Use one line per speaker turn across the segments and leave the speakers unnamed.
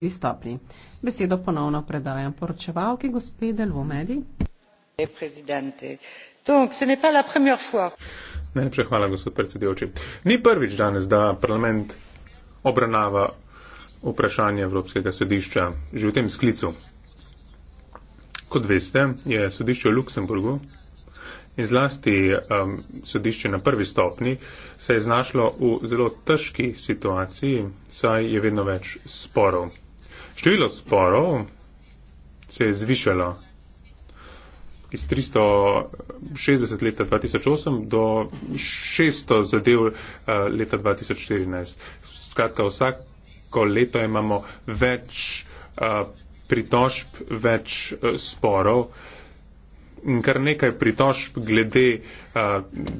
prvi stopni. Besedo ponovno predajam poročevalki gospede Lvomedi.
Najlepša hvala, gospod predsedujoči. Ni prvič danes, da parlament obravnava vprašanje Evropskega sodišča že v tem sklicu. Kot veste, je sodišče v Luksemburgu in zlasti um, sodišče na prvi stopni se je znašlo v zelo težki situaciji, saj je vedno več sporov. Število sporov se je zvišalo iz 360 leta 2008 do 600 zadev eh, leta 2014. Skratka, vsako leto imamo več eh, pritožb, več eh, sporov in kar nekaj pritožb glede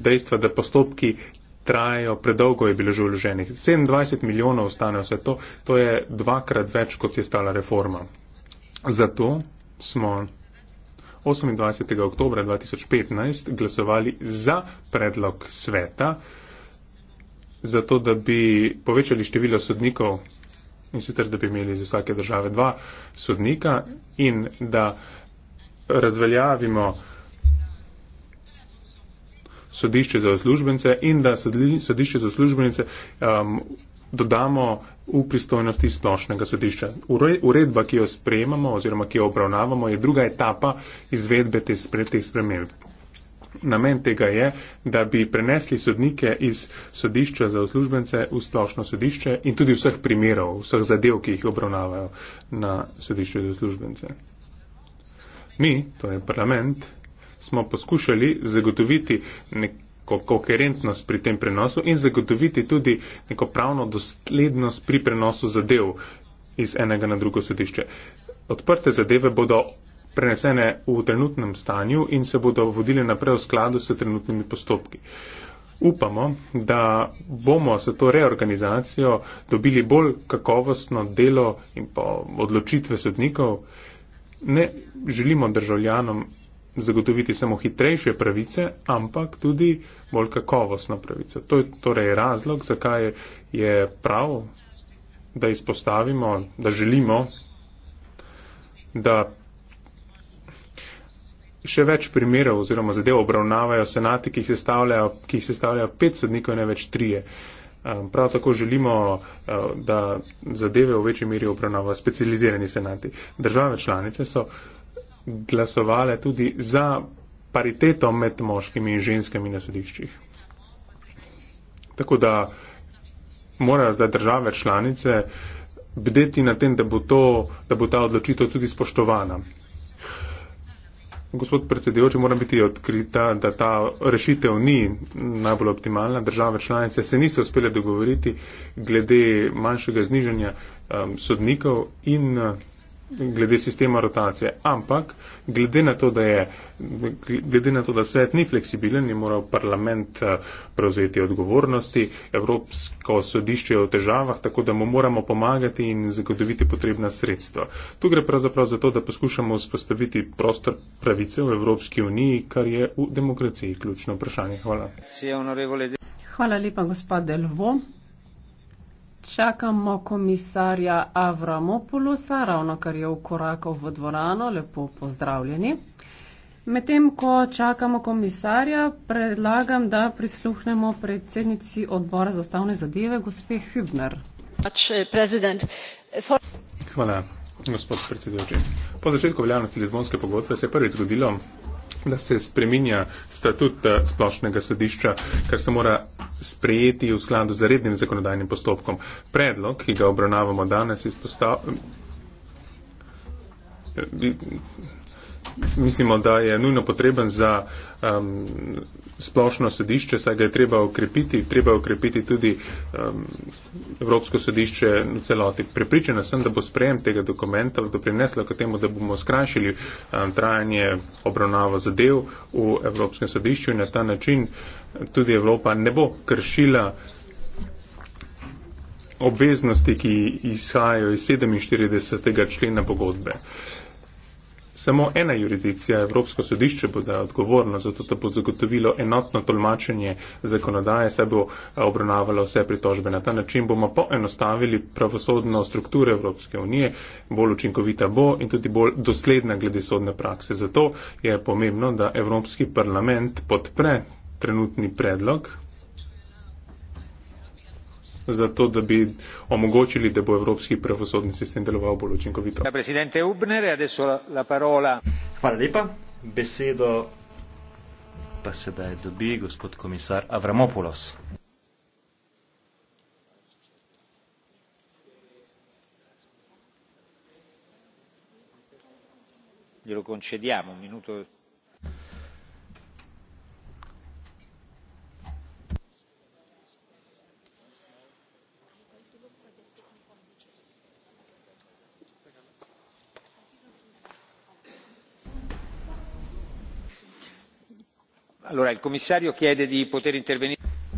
dejstva, da postopki trajajo, predolgo je bilo že vloženih. 27 milijonov stane vse to, to je dvakrat več, kot je stala reforma. Zato smo 28. oktobra 2015 glasovali za predlog sveta, zato da bi povečali število sodnikov in sicer, da bi imeli za vsake države dva sodnika in da razveljavimo uh, sodišče za službence in da sodišče za službence um, dodamo v pristojnosti splošnega sodišča. Uredba, ki jo sprejemamo oziroma ki jo obravnavamo, je druga etapa izvedbe te spretnih sprememb. Namen tega je, da bi prenesli sodnike iz sodišča za uslužbence v splošno sodišče in tudi vseh primerov, vseh zadev, ki jih obravnavajo na sodišču za uslužbence. Mi, torej parlament, smo poskušali zagotoviti neko koherentnost pri tem prenosu in zagotoviti tudi neko pravno doslednost pri prenosu zadev iz enega na drugo sodišče. Odprte zadeve bodo prenesene v trenutnem stanju in se bodo vodile naprej v skladu s trenutnimi postopki. Upamo, da bomo s to reorganizacijo dobili bolj kakovostno delo in pa odločitve sodnikov. Ne želimo državljanom zagotoviti samo hitrejše pravice, ampak tudi bolj kakovostno pravico. To je torej razlog, zakaj je prav, da izpostavimo, da želimo, da še več primerov oziroma zadev obravnavajo senati, ki jih sestavljajo, ki jih sestavljajo pet sodnikov in ne več trije. Prav tako želimo, eh, da zadeve v večji meri obravnava specializirani senati. Države članice so glasovale tudi za pariteto med moškimi in ženskami na sodiščih. Tako da morajo zdaj države članice bdeti na tem, da bo, to, da bo ta odločitev tudi spoštovana. Gospod predsedujoči, moram biti odkrita, da ta rešitev ni najbolj optimalna. Države članice se niso uspele dogovoriti glede manjšega znižanja um, sodnikov in. Uh, glede sistema rotacije. Ampak glede na to, da, je, glede na to, da svet ni fleksibilen, je moral parlament eh, prevzeti odgovornosti, Evropsko sodišče je v težavah, tako da mu moramo pomagati in zagotoviti potrebna sredstva. Tu gre pravzaprav za to, da poskušamo spostaviti prostor pravice v Evropski uniji, kar je v demokraciji ključno vprašanje. Hvala.
Hvala lepa, gospod Delvo. Čakamo komisarja Avramopulosa, ravno kar je ukorakal v dvorano, lepo pozdravljeni. Medtem, ko čakamo komisarja, predlagam, da prisluhnemo predsednici odbora za ustavne zadeve, gospe Hübner.
Hvala, gospod predsedujoči. Po začetku veljavnosti Lizbonske pogodbe se je prvič zgodilo, da se spreminja statut eh, splošnega sodišča, kar se mora sprejeti v skladu z rednim zakonodajnim postopkom. Predlog, ki ga obravnavamo danes, izpostavlja mislimo, da je nujno potreben za um, splošno sodišče, saj ga je treba ukrepiti, treba ukrepiti tudi um, Evropsko sodišče v celoti. Pripričana sem, da bo sprejem tega dokumenta doprineslo k temu, da bomo skrajšali um, trajanje obravnava zadev v Evropskem sodišču in na ta način tudi Evropa ne bo kršila obveznosti, ki izhajajo iz 47. člena pogodbe. Samo ena jurisdikcija, Evropsko sodišče, bo da odgovorno za to, da bo zagotovilo enotno tolmačenje zakonodaje, se bo eh, obravnavalo vse pritožbe. Na ta način bomo poenostavili pravosodno strukturo Evropske unije, bolj učinkovita bo in tudi bolj dosledna glede sodne prakse. Zato je pomembno, da Evropski parlament podpre trenutni predlog, za to, da bi omogočili, da bo evropski pravosodni sistem deloval bolj učinkovito.
E Hvala lepa. Besedo pa sedaj dobi gospod komisar Avramopoulos. Glielo concediamo un minuto.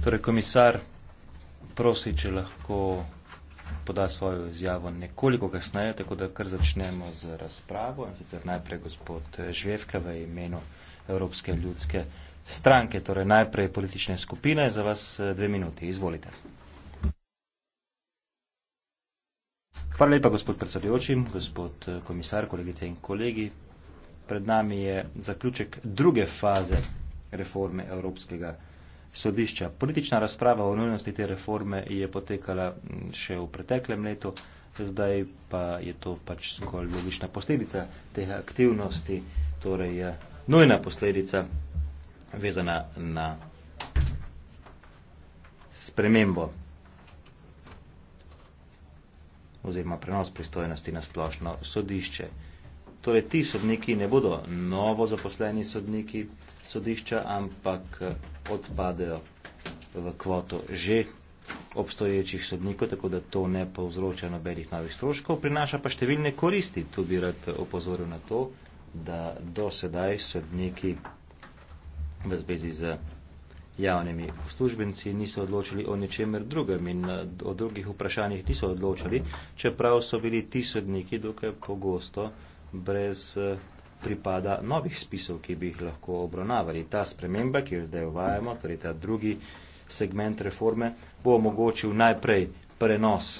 torej komisar prosi če lahko poda svojo izjavo nekoliko kasneje tako da kar začnemo z razpravo in sicer najprej gospod Žvevka v imenu Evropske ljudske stranke torej najprej politične skupine za vas eh, dve minuti izvolite Hvala lepa gospod predsedujočim, gospod eh, komisar, kolegice in kolegi. Pred nami je zaključek druge faze reforme Evropskega sodišča. Politična razprava o nujnosti te reforme je potekala mm, še v preteklem letu, zdaj pa je to pač zgolj logična posledica te aktivnosti, torej je nujna posledica vezana na spremembo oziroma prenos pristojnosti na splošno sodišče. Torej, ti sodniki ne bodo novo zaposleni sodniki, sodišča, ampak eh, odpadejo v kvoto že obstoječih sodnikov, tako da to ne povzroča nobenih novih stroškov, prinaša pa številne koristi. Tu bi rad eh, opozoril na to, da do sedaj sodniki v zvezi z javnimi službenci niso odločili o ničemer drugem in eh, o drugih vprašanjih niso odločili, čeprav so bili ti sodniki dokaj pogosto brez pripada novih spisov, ki bi jih lahko obravnavali. Ta sprememba, ki jo zdaj uvajamo, torej ta drugi segment reforme, bo omogočil najprej prenos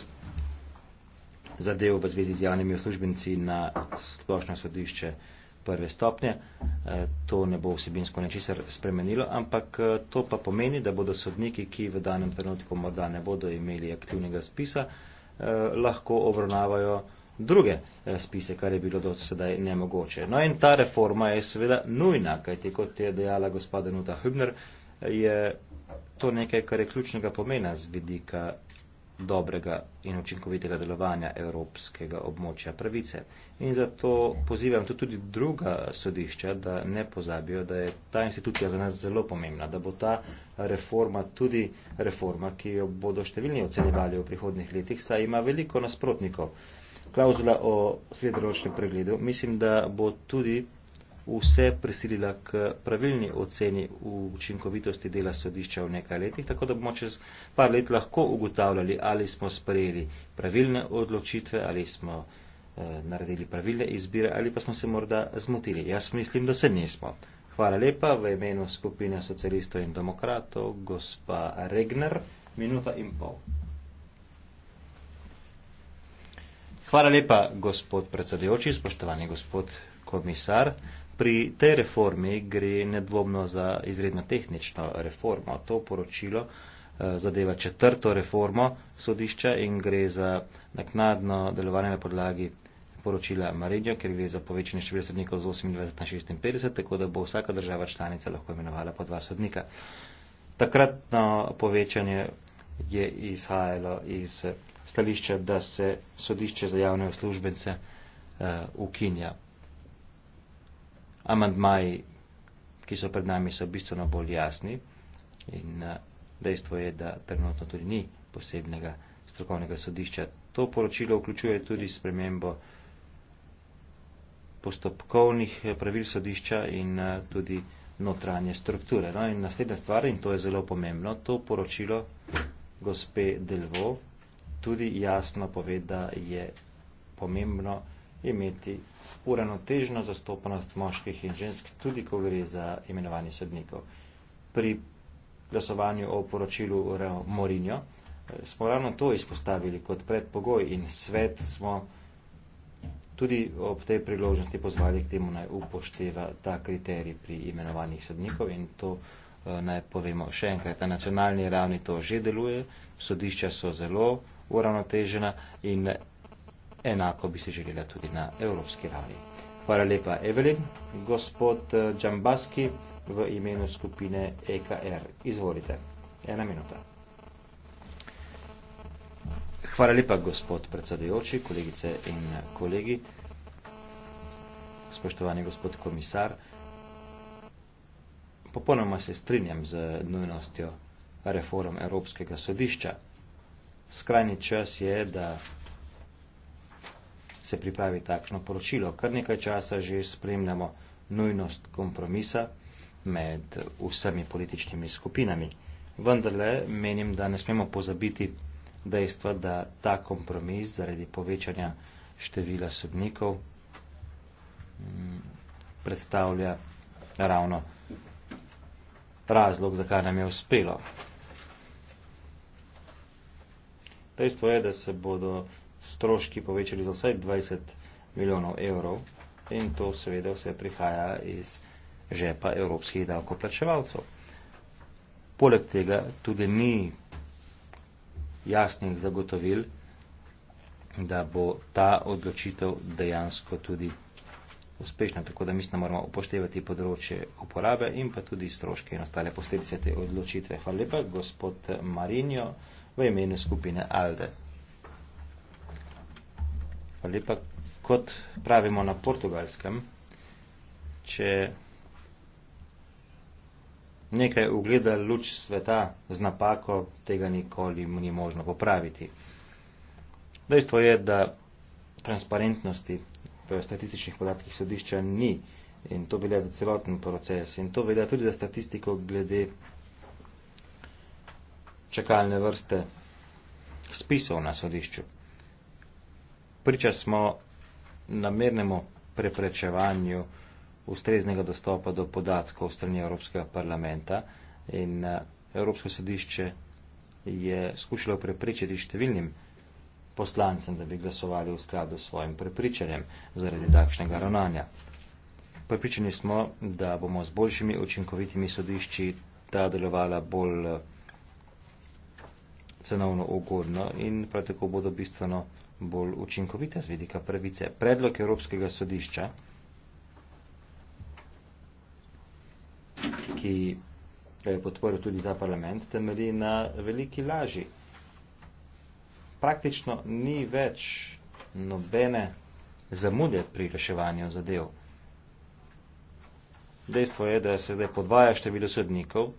zadev v zvezi z javnimi službenci na splošno sodišče prve stopnje. Eh, to ne bo vsebinsko nečesar spremenilo, ampak eh, to pa pomeni, da bodo sodniki, ki v danem trenutku morda ne bodo imeli aktivnega spisa, eh, lahko obravnavajo druge eh, spise, kar je bilo do sedaj nemogoče. No in ta reforma je seveda nujna, kajti kot je dejala gospoda Nuta Hübner, eh, je to nekaj, kar je ključnega pomena z vidika dobrega in učinkovitega delovanja evropskega območja pravice. In zato pozivam tudi druga sodišča, da ne pozabijo, da je ta institucija za nas zelo pomembna, da bo ta reforma tudi reforma, ki jo bodo številni ocenjevali v prihodnih letih, saj ima veliko nasprotnikov klauzula o srednjeročnem pregledu, mislim, da bo tudi vse prisilila k pravilni oceni učinkovitosti dela sodišča v nekaj letih, tako da bomo čez par let lahko ugotavljali, ali smo sprejeli pravilne odločitve, ali smo eh, naredili pravilne izbire, ali pa smo se morda zmotili. Jaz mislim, da se nismo. Hvala lepa v imenu skupine socialistov in demokratov, gospa Regner, minuta in pol. Hvala lepa, gospod predsedujoči, spoštovani gospod komisar. Pri tej reformi gre nedvomno za izredno tehnično reformo. To poročilo eh, zadeva četrto reformo sodišča in gre za naknadno delovanje na podlagi poročila Marinjo, ker gre za povečanje števila sodnikov z 28 na 56, tako da bo vsaka država članica lahko imenovala po dva sodnika. Takratno povečanje je izhajalo iz stališča, da se sodišče za javne uslužbence uh, ukinja. Amandmaji, ki so pred nami, so bistveno bolj jasni in uh, dejstvo je, da trenutno tudi ni posebnega strokovnega sodišča. To poročilo vključuje tudi spremembo postopkovnih eh, pravil sodišča in tudi notranje strukture. No, in naslednja stvar, in to je zelo pomembno, to poročilo gospe Delvo tudi jasno pove, da je pomembno imeti uravnotežno zastopanost moških in žensk, tudi ko gre za imenovanje sodnikov. Pri glasovanju o poročilu Morinjo eh, smo ravno to izpostavili kot predpogoj in svet smo tudi ob tej priložnosti pozvali k temu naj upošteva ta kriterij pri imenovanjih sodnikov in to eh, naj povemo še enkrat. Na nacionalni ravni to že deluje, sodišča so zelo uravnotežena in enako bi se želela tudi na evropski ravni. Hvala lepa, Evelin. Gospod eh, Džambaski v imenu skupine EKR. Izvolite. Ena minuta. Hvala lepa, gospod predsedujoči, kolegice in kolegi, spoštovani gospod komisar. Popolnoma se strinjam z nujnostjo reform Evropskega sodišča skrajni čas je, da se pripravi takšno poročilo. Kar nekaj časa že spremljamo nujnost kompromisa med vsemi političnimi skupinami. Vendarle menim, da ne smemo pozabiti dejstva, da ta kompromis zaradi povečanja števila sodnikov mm, predstavlja ravno razlog, zakaj nam je uspelo. Dejstvo je, da se bodo stroški povečali za vsaj 20 milijonov evrov in to seveda vse prihaja iz žepa evropskih davkoplačevalcev. Poleg tega tudi ni jasnih zagotovil, da bo ta odločitev dejansko tudi uspešna, tako da mislim, da moramo upoštevati področje uporabe in pa tudi stroške in ostale posledice te odločitve. Hvala lepa, gospod Marinjo v imenu skupine Alde. Ali pa kot pravimo na portugalskem, če nekaj ugleda luč sveta z napako, tega nikoli ni možno popraviti. Dejstvo je, da transparentnosti v statističnih podatkih sodišča ni in to velja za celoten proces in to velja tudi za statistiko glede čakalne vrste spisov na sodišču. Priča smo namernemu preprečevanju ustreznega dostopa do podatkov strani Evropskega parlamenta in eh, Evropsko sodišče je skušalo prepričati številnim poslancem, da bi glasovali v skladu s svojim prepričanjem zaradi takšnega ravnanja. Prepričani smo, da bomo z boljšimi učinkovitimi sodišči ta delovala bolj eh, cenovno ugodno in prav tako bodo bistveno bolj učinkovite z vidika pravice. Predlog Evropskega sodišča, ki je podporil tudi ta parlament, temelji na veliki laži. Praktično ni več nobene zamude pri reševanju zadev. Dejstvo je, da se zdaj podvaja število sodnikov,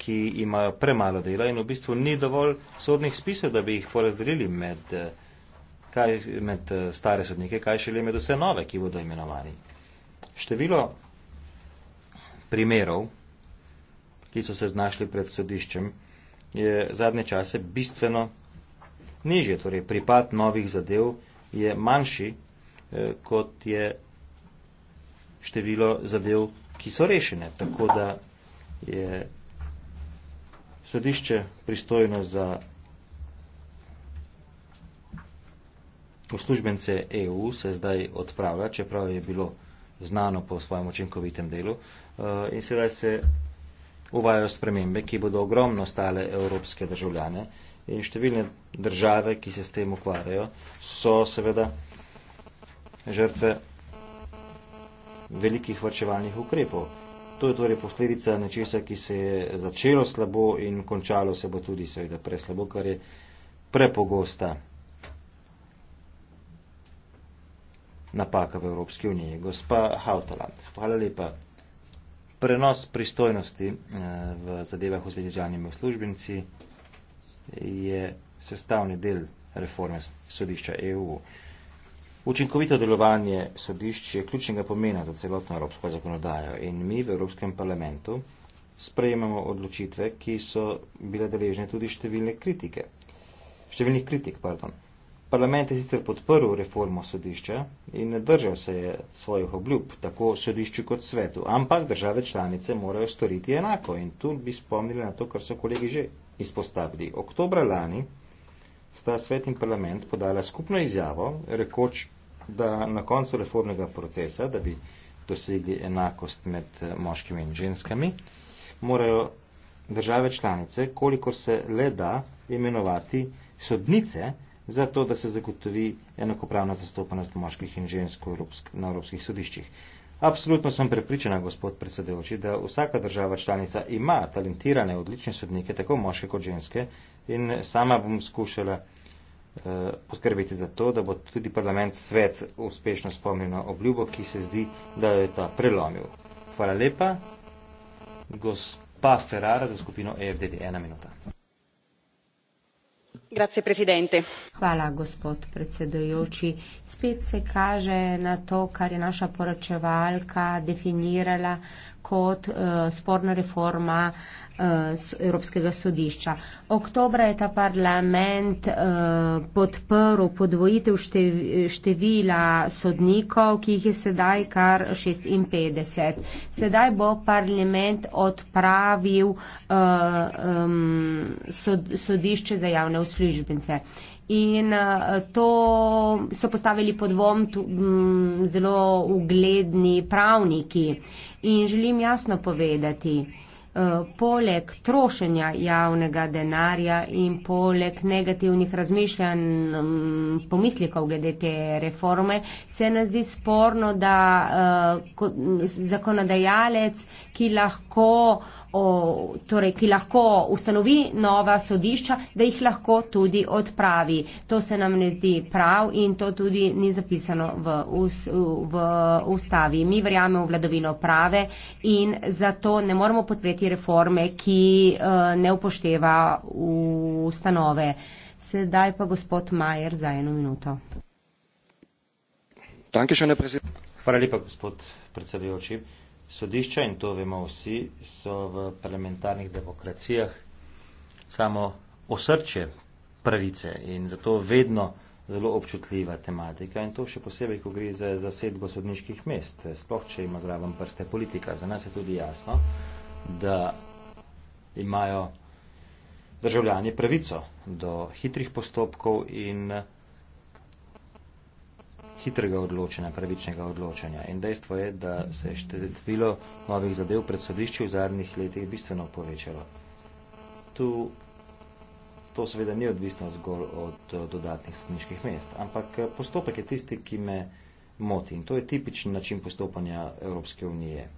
ki imajo premalo dela in v bistvu ni dovolj sodnih spisev, da bi jih porazdelili med, eh, kaj, med eh, stare sodnike, kaj šele med vse nove, ki bodo imenovani. Število primerov, ki so se znašli pred sodiščem, je zadnje čase bistveno nižje. Torej, pripad novih zadev je manjši, eh, kot je število zadev, ki so rešene. Tako da je sodišče pristojno za poslužbence EU se zdaj odpravlja, čeprav je bilo znano po svojem očinkovitem delu eh, in sedaj se uvajajo spremembe, ki bodo ogromno stale evropske državljane in številne države, ki se s tem ukvarjajo, so seveda žrtve velikih vrčevalnih ukrepov. To je torej posledica nečesa, ki se je začelo slabo in končalo se bo tudi seveda preslabo, kar je prepogosta napaka v Evropski uniji. Gospa Hautala, hvala lepa. Prenos pristojnosti eh, v zadevah v zvezi z javnimi službenci je sestavni del reforme sodišča EU. Učinkovito delovanje sodišč je ključnega pomena za celotno evropsko zakonodajo in mi v Evropskem parlamentu sprejemamo odločitve, ki so bile deležne tudi številne kritike. Številnih kritik, pardon. Parlament je sicer podprl reformo sodišča in držal se je svojih obljub, tako sodišču kot svetu, ampak države članice morajo storiti enako in tu bi spomnili na to, kar so kolegi že izpostavili. Oktober lani sta svet in parlament podala skupno izjavo, rekoč, da na koncu reformnega procesa, da bi dosegli enakost med eh, moškimi in ženskami, morajo države članice, kolikor se le da, imenovati sodnice za to, da se zagotovi enakopravna zastopanost moških in žensk na evropskih sodiščih. Absolutno sem prepričana, gospod predsedujoči, da vsaka država članica ima talentirane, odlične sodnike, tako moške kot ženske, in sama bom skušala eh, poskrbeti za to, da bo tudi parlament svet uspešno spomnil na obljubo, ki se zdi, da jo je ta prelomil. Hvala lepa, gospa Ferrara za skupino EFDD. Ena minuta.
Hvala, gospod predsedojoči. Spet se kaže na to, kar je naša poročevalka definirala kot uh, sporna reforma uh, Eh, Evropskega sodišča. Oktobra je ta parlament eh, podprl podvojitev števila sodnikov, ki jih je sedaj kar 56. Sedaj bo parlament odpravil eh, sodišče za javne uslužbence. In to so postavili pod dvom mm, zelo ugledni pravniki. In želim jasno povedati, Eh, poleg trošenja javnega denarja in poleg negativnih razmišljanj, mm, pomislikov glede te reforme, se nam zdi sporno, da eh, zakonodajalec, ki lahko uh, o, torej, ki lahko ustanovi nova sodišča, da jih lahko tudi odpravi. To se nam ne zdi prav in to tudi ni zapisano v, us, v ustavi. Mi verjamemo v vladovino prave in zato ne moramo podpreti reforme, ki uh, ne upošteva ustanove. Sedaj pa gospod Majer za eno minuto.
Hvala lepa, gospod predsedujoči. Sodišča, in to vemo vsi, so v parlamentarnih demokracijah samo osrče pravice in zato vedno zelo občutljiva tematika in to še posebej, ko gre za zasedbo sodniških mest, sploh, če ima zraven prste politika. Za nas je tudi jasno, da imajo državljani pravico do hitrih postopkov in pravice hitrega odločanja, pravičnega odločanja. In dejstvo je, da se je število novih zadev pred sodišči v zadnjih letih bistveno povečalo. Tu to seveda ni odvisno zgolj od eh, dodatnih sodniških mest, ampak eh, postopek je tisti, ki me moti in to je tipičen način postopanja Evropske unije.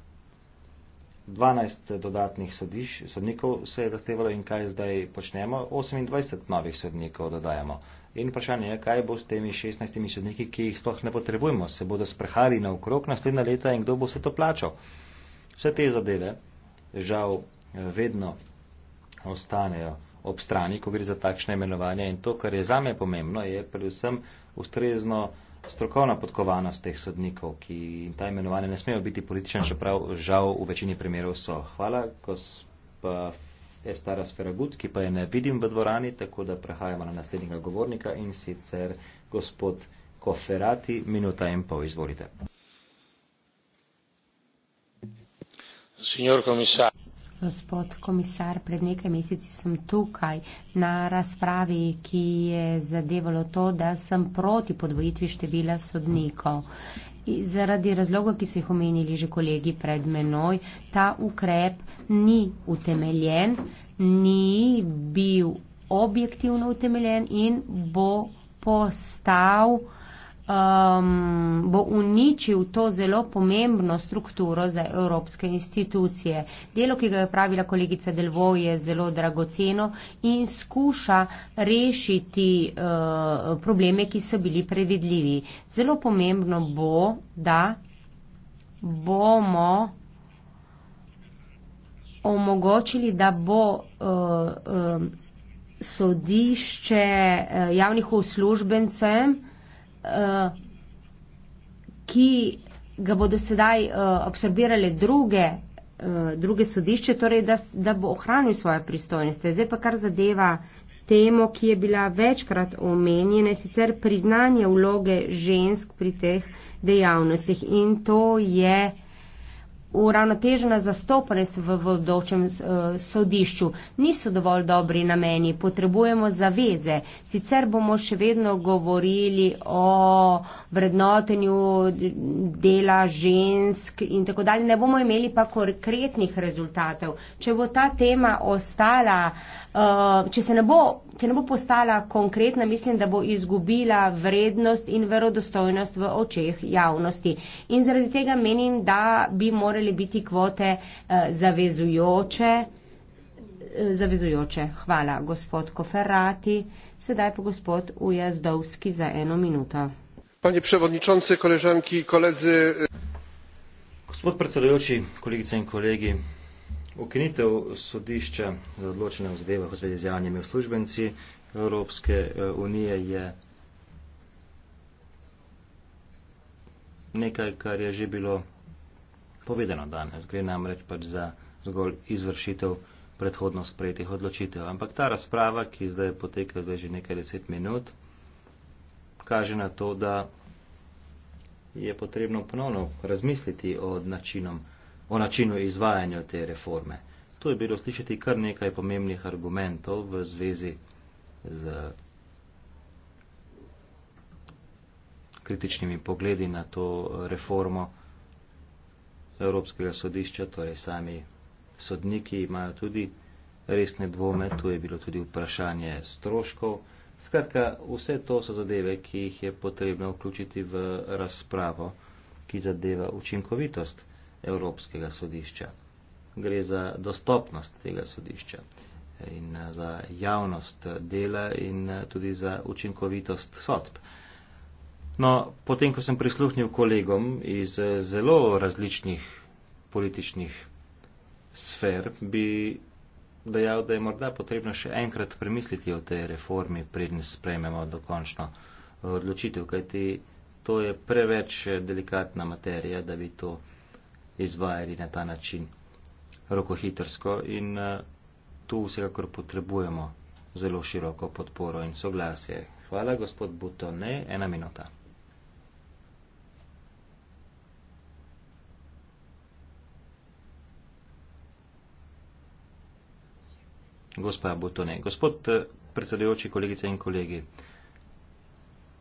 12 eh, dodatnih sodiš, sodnikov se je zahtevalo in kaj zdaj počnemo? 28 novih sodnikov dodajamo. In vprašanje je, kaj bo s temi 16 sodniki, ki jih sploh ne potrebujemo, se bodo sprehali na okrog naslednja leta in kdo bo vse to plačal. Vse te zadeve žal vedno ostanejo ob strani, ko gre za takšne imenovanja in to, kar je zame pomembno, je predvsem ustrezno strokovna podkovanost teh sodnikov, ki jim ta imenovanja ne smejo biti politična, čeprav žal v večini primerov so. Hvala, gospod. Estara Sferagut, ki pa je ne vidim v dvorani, tako da prehajamo na naslednjega govornika in sicer gospod Koferati, minuta in pol, izvolite.
Komisar.
Gospod komisar, pred nekaj meseci sem tukaj na razpravi, ki je zadevalo to, da sem proti podvojitvi števila sodnikov zaradi razloga, ki so jih omenili že kolegi pred menoj, ta ukrep ni utemeljen, ni bil objektivno utemeljen in bo postal um, bo uničil to zelo pomembno strukturo za evropske institucije. Delo, ki ga je pravila kolegica Delvo, je zelo dragoceno in skuša rešiti uh, probleme, ki so bili previdljivi. Zelo pomembno bo, da bomo omogočili, da bo uh, uh, sodišče uh, javnih uslužbencev uh, ki ga bodo sedaj uh, eh, absorbirale druge, uh, druge sodišče, torej da, da bo ohranil svoje pristojnosti. Zdaj pa kar zadeva temo, ki je bila večkrat omenjena, sicer priznanje vloge žensk pri teh dejavnostih in to je uravnotežena zastopanost v vodočem uh, sodišču. Niso dovolj dobri nameni, potrebujemo zaveze. Sicer bomo še vedno govorili o vrednotenju dela žensk in tako dalje. Ne bomo imeli pa konkretnih rezultatov. Če bo ta tema ostala, uh, če se ne bo, če ne bo postala konkretna, mislim, da bo izgubila vrednost in verodostojnost v očeh javnosti. In zaradi tega menim, da bi morali morale biti kvote eh, zavezujoče. Eh, zavezujoče. Hvala, gospod Koferati. Sedaj pa gospod Ujazdovski za eno minuto.
Panie przewodniczący,
koleżanki i koledzy. Gospod predsedujoči, kolegice in kolegi, ukinitev sodišča za odločene v zadevah v zvezi z javnimi uslužbenci Evropske eh, unije je nekaj, kar je že bilo povedano danes. Gre namreč pač za zgolj izvršitev predhodno sprejetih odločitev. Ampak ta razprava, ki zdaj poteka zdaj že nekaj deset minut, kaže na to, da je potrebno ponovno razmisliti o, načinom, o načinu izvajanja te reforme. Tu je bilo slišati kar nekaj pomembnih argumentov v zvezi z kritičnimi pogledi na to reformo. Evropskega sodišča, torej sami sodniki imajo tudi resne dvome, tu je bilo tudi vprašanje stroškov. Skratka, vse to so zadeve, ki jih je potrebno vključiti v razpravo, ki zadeva učinkovitost Evropskega sodišča. Gre za dostopnost tega sodišča in eh, za javnost dela in eh, tudi za učinkovitost sodb. No, potem, ko sem prisluhnil kolegom iz eh, zelo različnih političnih sfer, bi dejal, da je morda potrebno še enkrat premisliti o tej reformi, preden sprejmemo dokončno eh, odločitev, kajti to je preveč eh, delikatna materija, da bi to izvajali na ta način rokohitrsko in tu vsekakor potrebujemo zelo široko podporo in soglasje. Hvala, gospod Butone. Ena minuta. gospa Butone. Gospod eh, predsedujoči, kolegice in kolegi,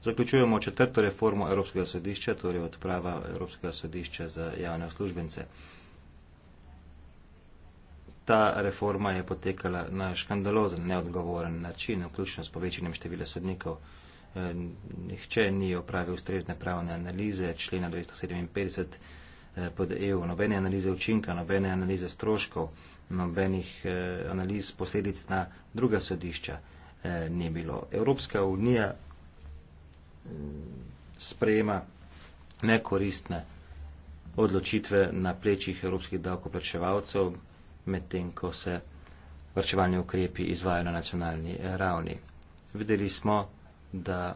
zaključujemo četrto reformo Evropskega sodišča, torej odprava Evropskega sodišča za javne službence. Ta reforma je potekala na škandalozen, neodgovoren način, vključno s povečanjem števila sodnikov. Eh, nihče ni opravil ustrezne pravne analize, člena 257 eh, pod EU, nobene analize učinka, nobene analize stroškov nobenih eh, analiz posledic na druga sodišča eh, ni bilo. Evropska unija mm, sprejema nekoristne odločitve na plečih evropskih davkoplačevalcev, medtem ko se vrčevalni ukrepi izvajajo na nacionalni eh, ravni. Videli smo, da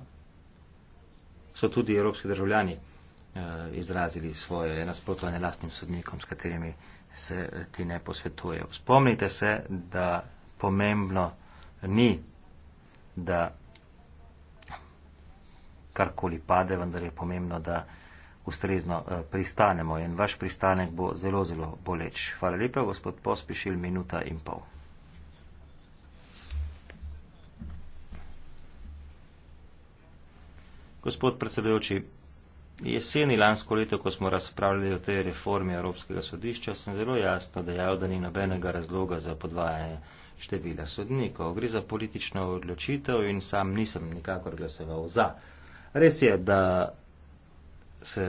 so tudi evropski državljani izrazili svoje nasprotovanje lastnim sodnikom, s katerimi se ti ne posvetujejo. Spomnite se, da pomembno ni, da karkoli pade, vendar je pomembno, da ustrezno eh, pristanemo in vaš pristanek bo zelo, zelo boleč. Hvala lepa, gospod Pospišil, minuta in pol. Gospod predsedujoči, Jeseni lansko leto, ko smo razpravljali o tej reformi Evropskega sodišča, sem zelo jasno dejal, da ni nobenega razloga za podvajanje števila sodnikov. Gre za politično odločitev in sam nisem nikakor glasoval za. Res je, da se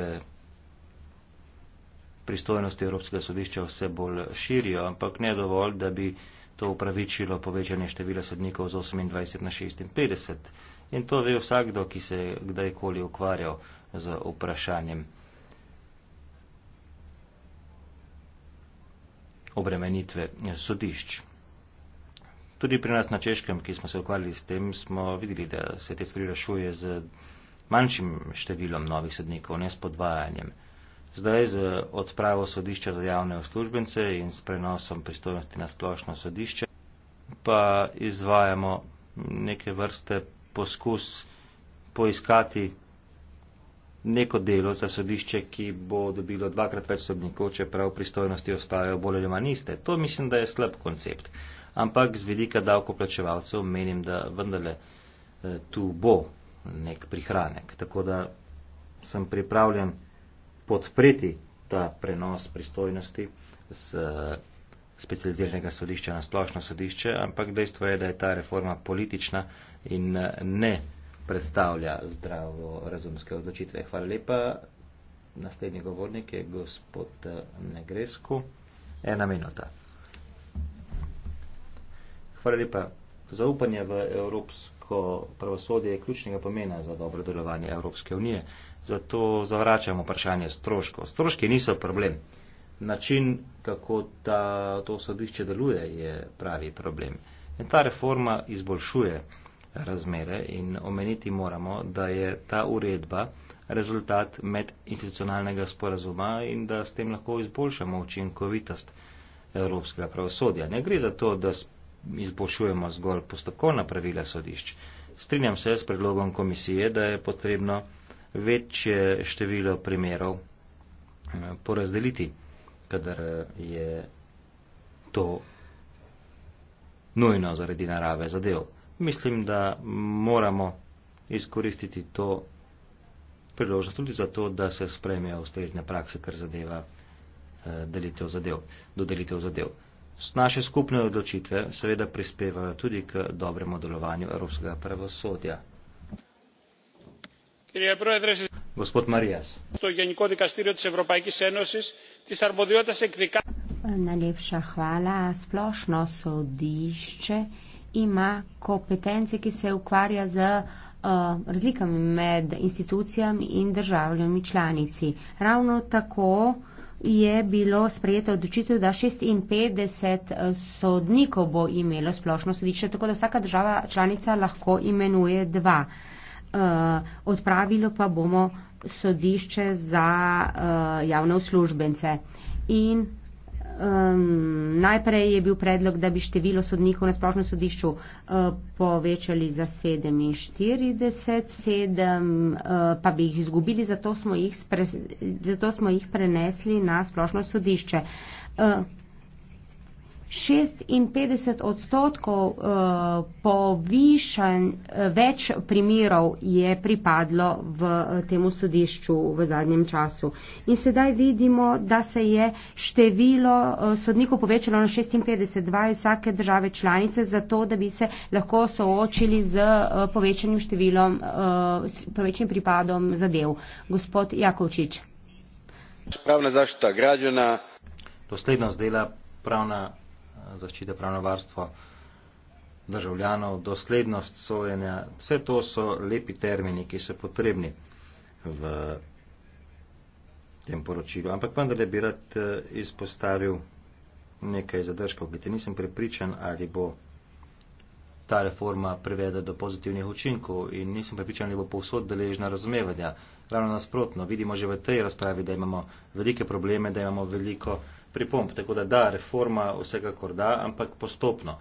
pristojnosti Evropskega sodišča vse bolj širijo, ampak ne dovolj, da bi to upravičilo povečanje števila sodnikov z 28 na 56. In to ve vsakdo, ki se kdajkoli ukvarjal z vprašanjem. Obremenitve sodišč. Tudi pri nas na Češkem, ki smo se ukvarjali s tem, smo videli, da se te stvari rešuje z manjšim številom novih sodnikov, ne s podvajanjem. Zdaj z odpravo sodišča za javne uslužbence in s prenosom pristojnosti na splošno sodišče pa izvajamo neke vrste poskus poiskati neko delo za sodišče, ki bo dobilo dvakrat več sodnikov, čeprav pristojnosti ostajajo bolj ali manj iste. To mislim, da je slab koncept. Ampak z vidika davkoplačevalcev menim, da vendarle eh, tu bo nek prihranek. Tako da sem pripravljen podpreti ta prenos pristojnosti z eh, specializiranega sodišča na splošno sodišče, ampak dejstvo je, da je ta reforma politična in eh, ne predstavlja zdravo razumske odločitve. Hvala lepa. Naslednji govornik je gospod eh, Negresku. Ena minuta. Hvala lepa. Zaupanje v evropsko pravosodje je ključnega pomena za dobro delovanje Evropske unije. Zato zavračamo vprašanje stroškov. Stroški niso problem. Način, kako ta, to sodišče deluje, je pravi problem. In ta reforma izboljšuje razmere in omeniti moramo, da je ta uredba rezultat medinstitucionalnega sporazuma in da s tem lahko izboljšamo učinkovitost evropskega pravosodja. Ne gre za to, da izboljšujemo zgolj postopkovna pravila sodišč. Strinjam se s predlogom komisije, da je potrebno večje število primerov eh, porazdeliti, kadar eh, je to nujno zaradi narave zadev. Mislim, da moramo izkoristiti to priložnost tudi zato, da se spremejo ustrezne prakse, kar zadeva eh, delitev zadev, dodelitev zadev. Naše skupne odločitve seveda prispevajo tudi k dobremu delovanju evropskega pravosodja. Gospod Marijas.
Najlepša hvala. Splošno sodišče ima kompetence, ki se ukvarja z uh, razlikami med institucijami in državljami članici. Ravno tako je bilo sprejeto odločitev, da 56 eh, sodnikov bo imelo splošno sodišče, tako da vsaka država članica lahko imenuje dva. Uh, odpravilo pa bomo sodišče za uh, javne uslužbence. In Um, najprej je bil predlog, da bi število sodnikov na splošnem sodišču uh, povečali za 47, 7, uh, pa bi jih izgubili, zato smo jih, spre, zato smo jih prenesli na splošno sodišče. Uh, 56 odstotkov eh, povišan, eh, več primerov je pripadlo v eh, temu sodišču v zadnjem času. In sedaj vidimo, da se je število sodnikov povečalo na 56, dva iz vsake države članice, zato da bi se lahko soočili z povečanim številom, povečanim pripadom zadev. Gospod Jakovčič.
Pravna zaštita građana. Doslednost dela pravna zaščita pravno varstvo državljanov, doslednost sojenja, vse to so lepi termini, ki so potrebni v tem poročilu. Ampak vendar bi rad eh, izpostavil nekaj zadržkov, ki te nisem prepričan, ali bo ta reforma privede do pozitivnih učinkov in nisem prepričan, ali bo povsod deležna razumevanja. Ravno nasprotno, vidimo že v tej razpravi, da imamo velike probleme, da imamo veliko pripomb. Tako da, da, reforma vsekakor da, ampak postopno.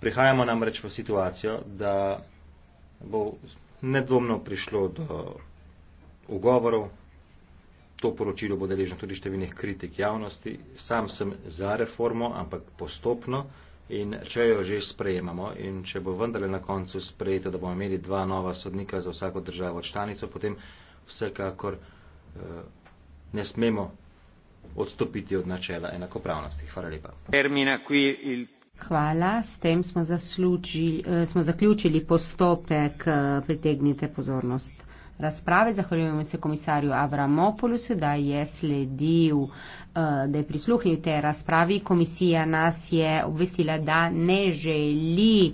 Prihajamo namreč v situacijo, da bo nedvomno prišlo do ugovorov. To poročilo bo deležno tudi številnih kritik javnosti. Sam sem za reformo, ampak postopno. In če jo že sprejemamo in če bo vendarle na koncu sprejeto, da bomo imeli dva nova sodnika za vsako državo članico, potem vsekakor eh, ne smemo odstopiti od načela enakopravnosti. Hvala lepa.
Hvala, s tem smo, zaslučili, eh, smo zaključili postopek, eh, pritegnite pozornost razprave. Zahvaljujemo se komisarju Avramopolusu, da je sledil, eh, da je prisluhnil te razpravi. Komisija nas je obvestila, da ne želi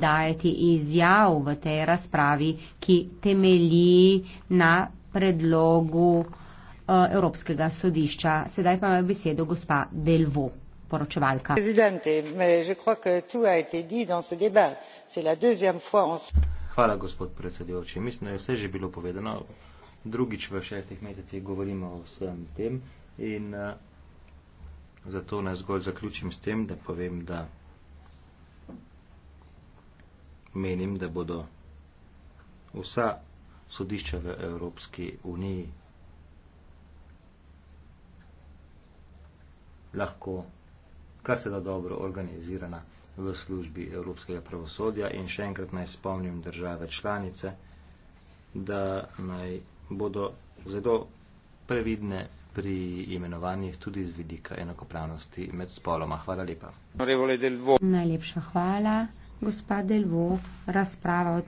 dajati izjav v tej razpravi, ki temelji na predlogu. Eh, Evropskega sodišča. Sedaj pa ima besedo gospa Delvo.
Hvala, gospod predsedujoči. Mislim, da je vse že bilo povedano. Drugič v šestih mesecih govorimo o vsem tem in uh, zato naj zgolj zaključim s tem, da povem, da menim, da bodo vsa sodišča v Evropski uniji lahko kar se da dobro organizirana v službi Evropskega pravosodja in še enkrat naj spomnim države članice, da naj bodo zelo previdne pri imenovanjih tudi z vidika enakopravnosti med spoloma. Hvala lepa.
Najlepša hvala, gospa Delvo, razprava o tem.